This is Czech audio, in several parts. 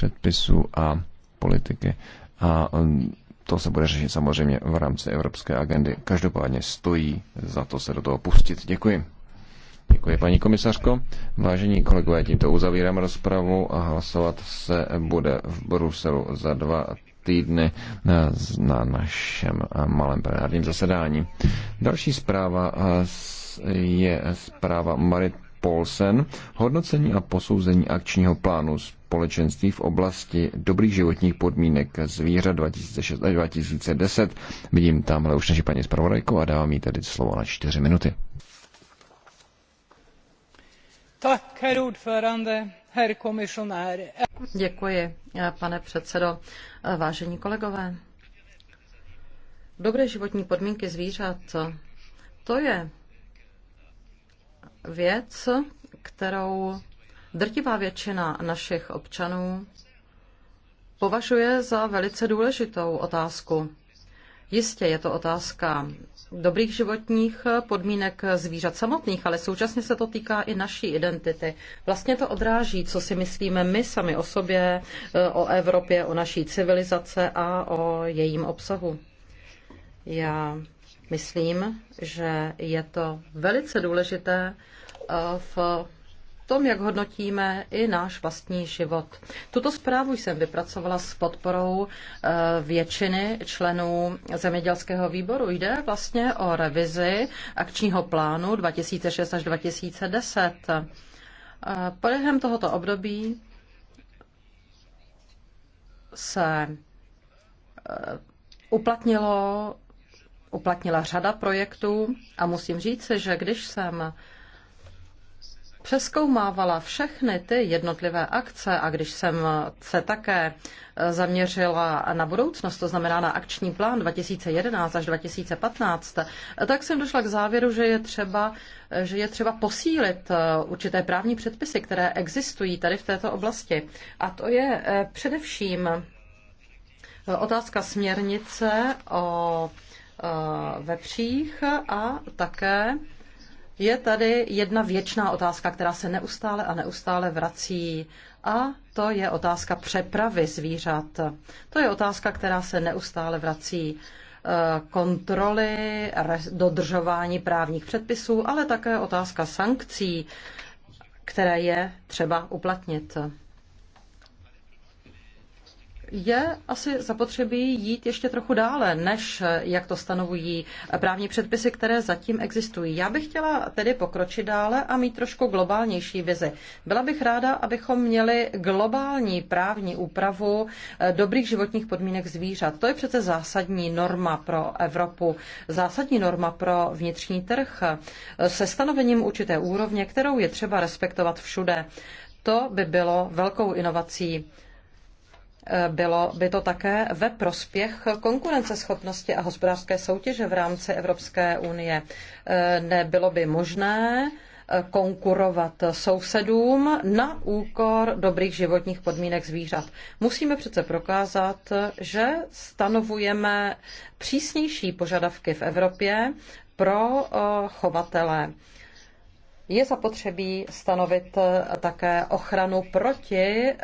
předpisů a politiky. A um, to se bude řešit samozřejmě v rámci evropské agendy. Každopádně stojí za to se do toho pustit. Děkuji. Děkuji, paní komisařko. Vážení kolegové, tímto uzavírám rozpravu a hlasovat se bude v Bruselu za dva týdny eh, na našem eh, malém plenárním zasedání. Další zpráva eh, je zpráva Marit Polsen hodnocení a posouzení akčního plánu společenství v oblasti dobrých životních podmínek zvířat 2006 až 2010. Vidím tamhle už naši paní zpravodajku a dávám jí tedy slovo na čtyři minuty. Tak, herr ordförande, herr komisionär. Děkuji, pane předsedo. Vážení kolegové, dobré životní podmínky zvířat, to je věc, kterou drtivá většina našich občanů považuje za velice důležitou otázku. Jistě je to otázka dobrých životních podmínek zvířat samotných, ale současně se to týká i naší identity. Vlastně to odráží, co si myslíme my sami o sobě, eh, o Evropě, o naší civilizace a o jejím obsahu. Já Myslím, že je to velice důležité eh, v tom, jak hodnotíme i náš vlastní život. Tuto zprávu jsem vypracovala s podporou eh, většiny členů zemědělského výboru. Jde vlastně o revizi akčního plánu 2006 až 2010. Eh, během tohoto období se uplatnilo uplatnila řada projektů a musím říct, že když jsem přeskoumávala všechny ty jednotlivé akce a když jsem se také zaměřila na budoucnost, to znamená na akční plán 2011 až 2015, tak jsem došla k závěru, že je třeba, že je třeba posílit určité právní předpisy, které existují tady v této oblasti. A to je eh, především eh, otázka směrnice o Eh, vepřích a také je tady jedna věčná otázka, která se neustále a neustále vrací a to je otázka přepravy zvířat. To je otázka, která se neustále vrací eh, kontroly, dodržování právních předpisů, ale také otázka sankcí, které je třeba uplatnit je asi zapotřebí jít ještě trochu dále, než jak to stanovují právní předpisy, které zatím existují. Já bych chtěla tedy pokročit dále a mít trošku globálnější vizi. Byla bych ráda, abychom měli globální právní úpravu eh, dobrých životních podmínek zvířat. To je přece zásadní norma pro Evropu, zásadní norma pro vnitřní trh eh, se stanovením určité úrovně, kterou je třeba respektovat všude. To by bylo velkou inovací bylo by to také ve prospěch konkurenceschopnosti a hospodářské soutěže v rámci Evropské unie. Nebylo by možné konkurovat sousedům na úkor dobrých životních podmínek zvířat. Musíme přece prokázat, že stanovujeme přísnější požadavky v Evropě pro eh, chovatele je zapotřebí stanovit eh, také ochranu proti eh,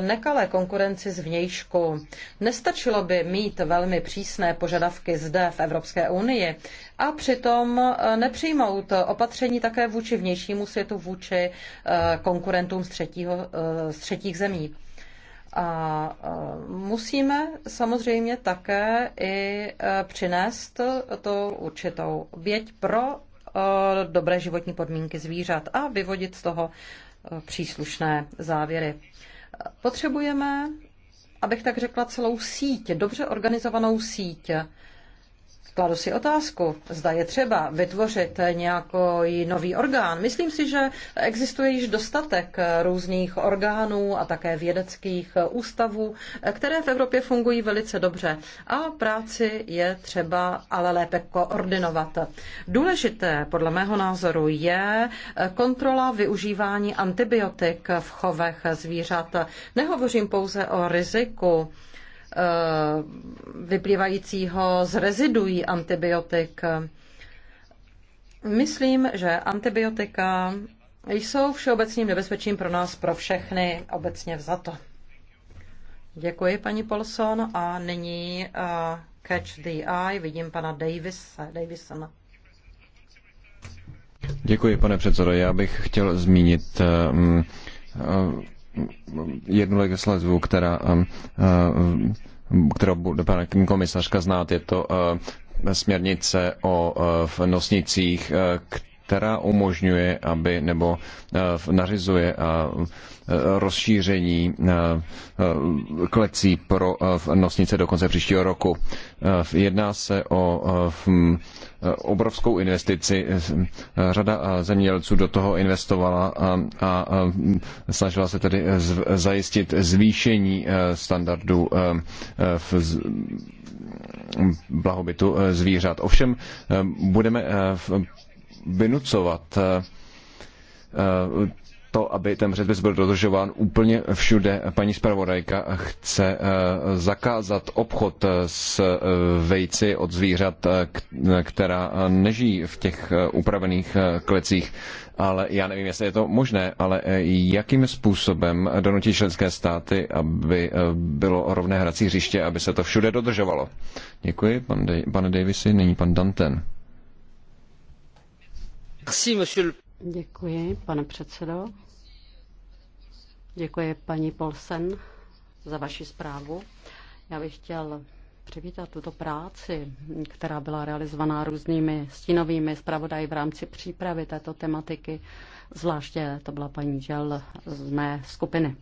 nekalé konkurenci z vnějšku. Nestačilo by mít velmi přísné požadavky zde v Evropské unii a přitom eh, nepřijmout opatření také vůči vnějšímu světu, vůči konkurentům z, třetího, z třetích zemí. A musíme samozřejmě také i přinést to určitou věď pro Eh, dobré životní podmínky zvířat a vyvodit z toho eh, příslušné závěry. Potřebujeme, abych tak řekla, celou síť, dobře organizovanou síť Kladu si otázku, zda je třeba vytvořit nějaký nový orgán. Myslím si, že existuje již dostatek různých orgánů a také vědeckých ústavů, které v Evropě fungují velice dobře a práci je třeba ale lépe koordinovat. Důležité podle mého názoru je kontrola využívání antibiotik v chovech zvířat. Nehovořím pouze o riziku Eh, vyplývajícího z reziduí antibiotik. Myslím, že antibiotika jsou všeobecným nebezpečím pro nás, pro všechny, obecně vzato. Děkuji, paní Polson. A nyní uh, Catch the Eye. Vidím pana Davisa. Davisona. Děkuji, pane předsedo. Já bych chtěl zmínit um, uh, jednu legislativu, která, um, uh, kterou bude paní komisařka znát, je to uh, směrnice o uh, nosnicích, která umožňuje, aby nebo nařizuje a Eh, rozšíření eh, klecí pro eh, nosnice do konce příštího roku. Jedná se o obrovskou investici. Řada zemědělců do toho investovala a, a snažila se tedy zajistit zvýšení standardu v blahobytu zvířat. Ovšem budeme vynucovat to, aby ten předpis byl dodržován úplně všude. Paní zpravodajka chce eh, zakázat obchod eh, s eh, vejci od zvířat, která nežijí v těch upravených klecích. Ale já nevím, jestli je to možné, ale jakým způsobem donutí členské státy, aby bylo rovné hrací hřiště, aby se to všude dodržovalo? Děkuji, pan De- pane Davisi, nyní pan Danten. Merci, monsieur Děkuji, pane předsedo. Děkuji paní Polsen za vaši zprávu. Já bych chtěl přivítat tuto práci, která byla realizovaná různými stínovými zpravodaji v rámci přípravy této tematiky. Zvláště to byla paní Žel z mé skupiny.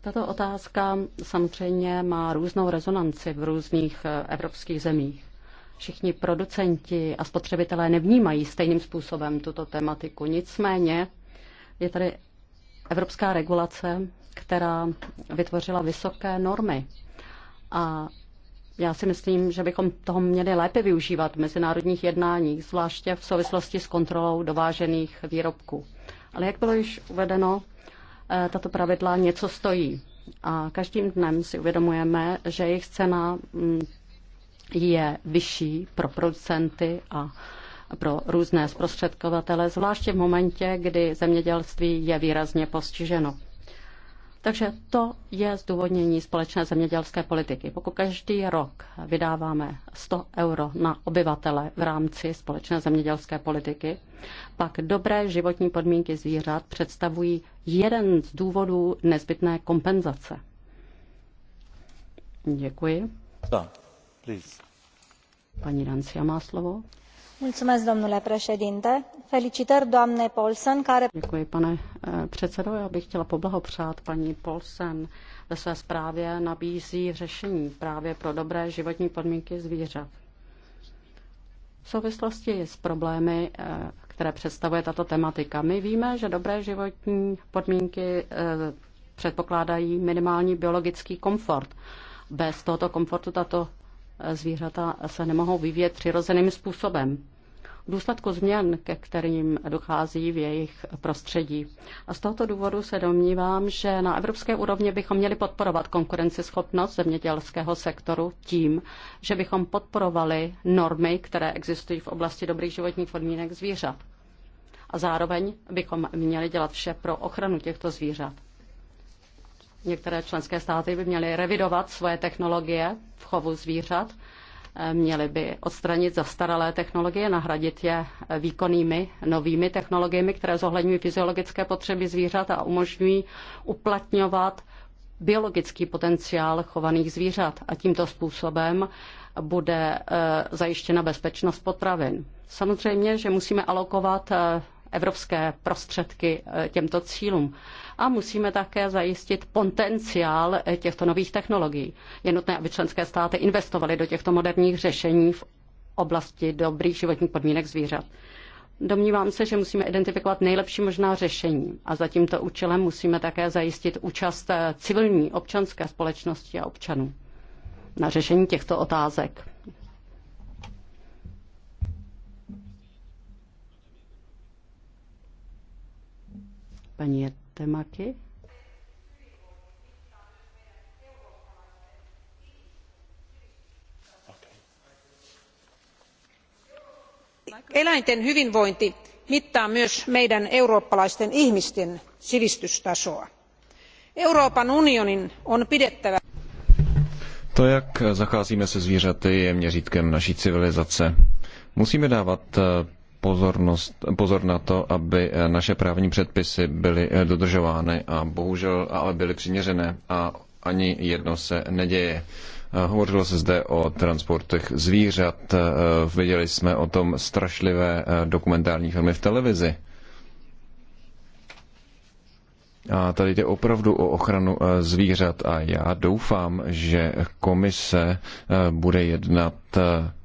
Tato otázka samozřejmě má různou rezonanci v různých eh, evropských zemích všichni producenti a spotřebitelé nevnímají stejným způsobem tuto tematiku. Nicméně je tady evropská regulace, která vytvořila vysoké normy. A já si myslím, že bychom toho měli lépe využívat v mezinárodních jednáních, zvláště v souvislosti s kontrolou dovážených výrobků. Ale jak bylo již uvedeno, eh, tato pravidla něco stojí. A každým dnem si uvědomujeme, že jejich cena mm, je vyšší pro producenty a pro různé zprostředkovatele, zvláště v momentě, kdy zemědělství je výrazně postiženo. Takže to je zdůvodnění společné zemědělské politiky. Pokud každý rok vydáváme 100 euro na obyvatele v rámci společné zemědělské politiky, pak dobré životní podmínky zvířat představují jeden z důvodů nezbytné kompenzace. Děkuji. Tak please. Paní má slovo. Mulțumesc, domnule președinte. Felicitări, doamne Paulsen, care... Děkuji, pane eh, předsedo. Já bych chtěla poblahopřát paní Paulsen. Ve své zprávě nabízí řešení právě pro dobré životní podmínky zvířat. V souvislosti s problémy, eh, které představuje tato tematika, my víme, že dobré životní podmínky eh, předpokládají minimální biologický komfort. Bez tohoto komfortu tato zvířata se nemohou vyvíjet přirozeným způsobem. V důsledku změn, ke kterým dochází v jejich prostředí. A z tohoto důvodu se domnívám, že na evropské úrovni bychom měli podporovat konkurenceschopnost zemědělského sektoru tím, že bychom podporovali normy, které existují v oblasti dobrých životních podmínek zvířat. A zároveň bychom měli dělat vše pro ochranu těchto zvířat. Některé členské státy by měly revidovat svoje technologie v chovu zvířat, eh, měly by odstranit zastaralé technologie, nahradit je výkonnými novými technologiemi, které zohledňují fyziologické potřeby zvířat a umožňují uplatňovat biologický potenciál chovaných zvířat a tímto způsobem bude eh, zajištěna bezpečnost potravin. Samozřejmě, že musíme alokovat eh, evropské prostředky eh, těmto cílům. A musíme také zajistit potenciál eh, těchto nových technologií. Je nutné, aby členské státy investovaly do těchto moderních řešení v oblasti dobrých životních podmínek zvířat. Domnívám se, že musíme identifikovat nejlepší možná řešení a za tímto účelem musíme také zajistit účast eh, civilní občanské společnosti a občanů na řešení těchto otázek. paní Jetemaky. eläinten hyvinvointi mittaa myös meidän eurooppalaisten ihmisten sivistystasoa. euroopan unionin on pidettävä. to jak zacházíme se zvířaty je měřítkem naší civilizace. musíme dávat eh, pozornost, pozor na to, aby eh, naše právní předpisy byly eh, dodržovány a bohužel ale byly přiměřené a ani jedno se neděje. Eh, hovořilo se zde o transportech zvířat, viděli jsme o tom strašlivé dokumentární filmy v televizi. A tady jde opravdu o ochranu zvířat a já doufám, že komise bude jednat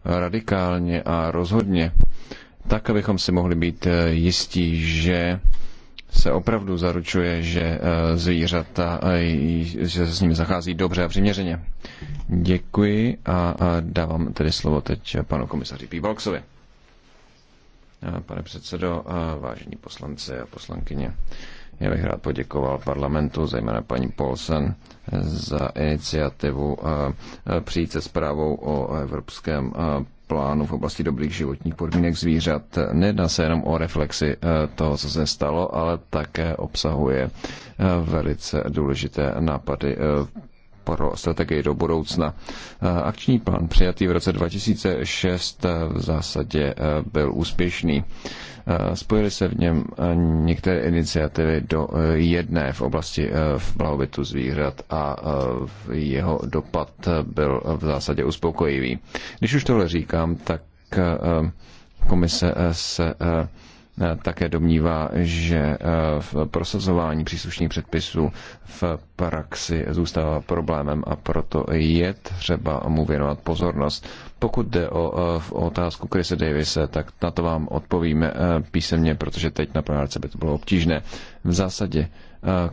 radikálně a rozhodně tak abychom si mohli být eh, jistí, že se opravdu zaručuje, že eh, zvířata, eh, že se s nimi zachází dobře a přiměřeně. Děkuji a dávám tedy slovo teď panu komisaři Píbalksovi. Pane předsedo, vážení poslanci a poslankyně, já bych rád poděkoval parlamentu, zejména paní Polsen, za iniciativu přijít se zprávou o Evropském plánu v oblasti dobrých životních podmínek zvířat. Nedá se jenom o reflexi eh, toho, co se stalo, ale také obsahuje eh, velice důležité nápady eh, pro strategii do budoucna. Akční plán přijatý v roce 2006 v zásadě e, byl úspěšný. E, spojily se v něm e, některé iniciativy do jedné v oblasti v blahobytu zvířat a jeho dopad byl v zásadě uspokojivý. Když už tohle říkám, tak komise se Eh, také domnívá, že eh, v prosazování příslušných předpisů v praxi zůstává problémem a proto je třeba mu věnovat pozornost. Pokud jde o, o eh, otázku Krise Davise, tak na to vám odpovíme písemně, protože teď na plenárce by to bylo obtížné. V zásadě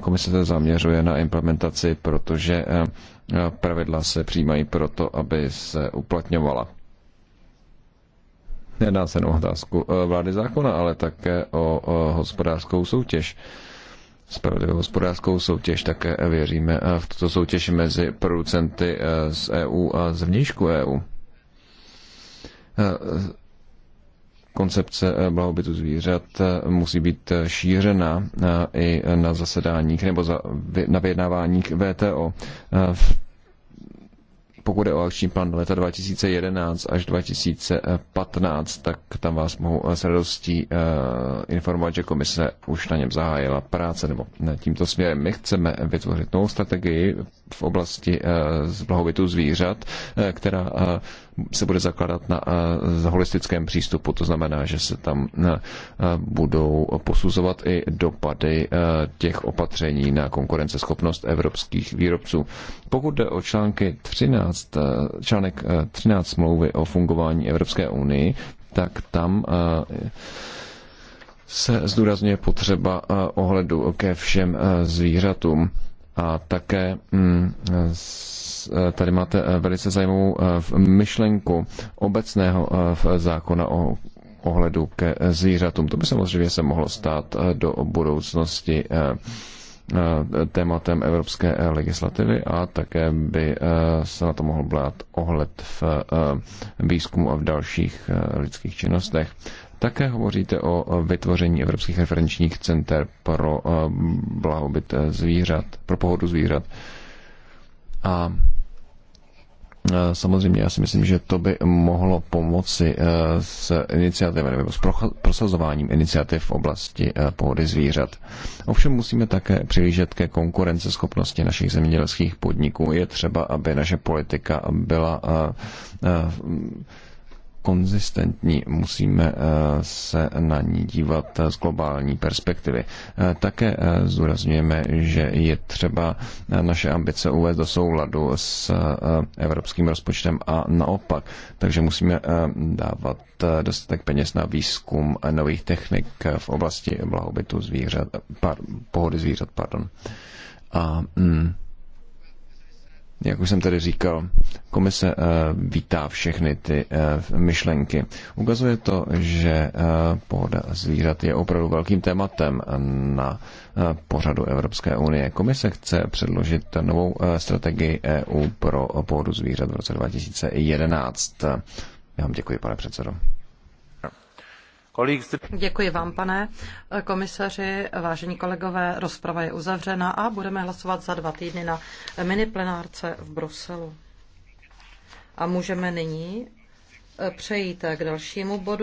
komise se zaměřuje na implementaci, protože pravidla se přijímají proto, aby se uplatňovala nedá se jenom otázku eh, vlády zákona, ale také o hospodářskou soutěž spravedlivou hospodářskou soutěž. Také věříme eh, v tuto soutěž mezi producenty eh, z EU a z vnějšku EU. Koncepce blahobytu zvířat musí být šířena i na zasedáních nebo na vyjednáváních VTO. V pokud je o akční plán leta 2011 až 2015, tak tam vás mohu s radostí eh, informovat, že komise už na něm zahájila práce, nebo tímto směrem my chceme vytvořit novou strategii v oblasti eh, blahobytu zvířat, eh, která se bude zakládat na eh, holistickém přístupu. To znamená, že se tam eh, budou posuzovat i dopady eh, těch opatření na konkurenceschopnost evropských výrobců. Pokud jde o články 13, článek 13 smlouvy o fungování Evropské unii, tak tam se zdůrazňuje potřeba ohledu ke všem zvířatům. A také mm, e, tady máte e, velice zajímavou e, myšlenku obecného zákona o ohledu ke zvířatům. To by samozřejmě se mohlo stát do budoucnosti tématem evropské legislativy a také by se na to mohl brát ohled v výzkumu a v dalších lidských činnostech. Také hovoříte o vytvoření evropských referenčních center pro eh, blahobyt eh, zvířat, pro pohodu zvířat. A eh, samozřejmě já si myslím, že to by mohlo pomoci s iniciativem nebo s prosazováním iniciativ v oblasti pohody zvířat. Ovšem musíme také přilížet ke konkurenceschopnosti našich zemědělských podniků. Je třeba, aby naše politika byla konzistentní, musíme eh, se na ní dívat eh, z globální perspektivy. Eh, také zdůrazňujeme, že je třeba naše ambice uvést do souladu s evropským rozpočtem a naopak. Takže musíme dávat dostatek peněz na výzkum nových technik v oblasti blahobytu zvířat, par, pohody zvířat. Pardon. A, mm, jak už jsem tady říkal, komise eh, vítá všechny ty eh, myšlenky. Ukazuje to, že eh, pohoda zvířat je opravdu velkým tématem na pořadu Evropské unie. Komise chce předložit novou strategii EU pro pohodu zvířat v roce 2011. Já vám děkuji, pane předsedo. Děkuji vám, pane eh, komisaři, vážení kolegové, rozprava je uzavřena a budeme hlasovat za dva týdny na plenárce v Bruselu. A můžeme nyní eh, přejít k dalšímu bodu.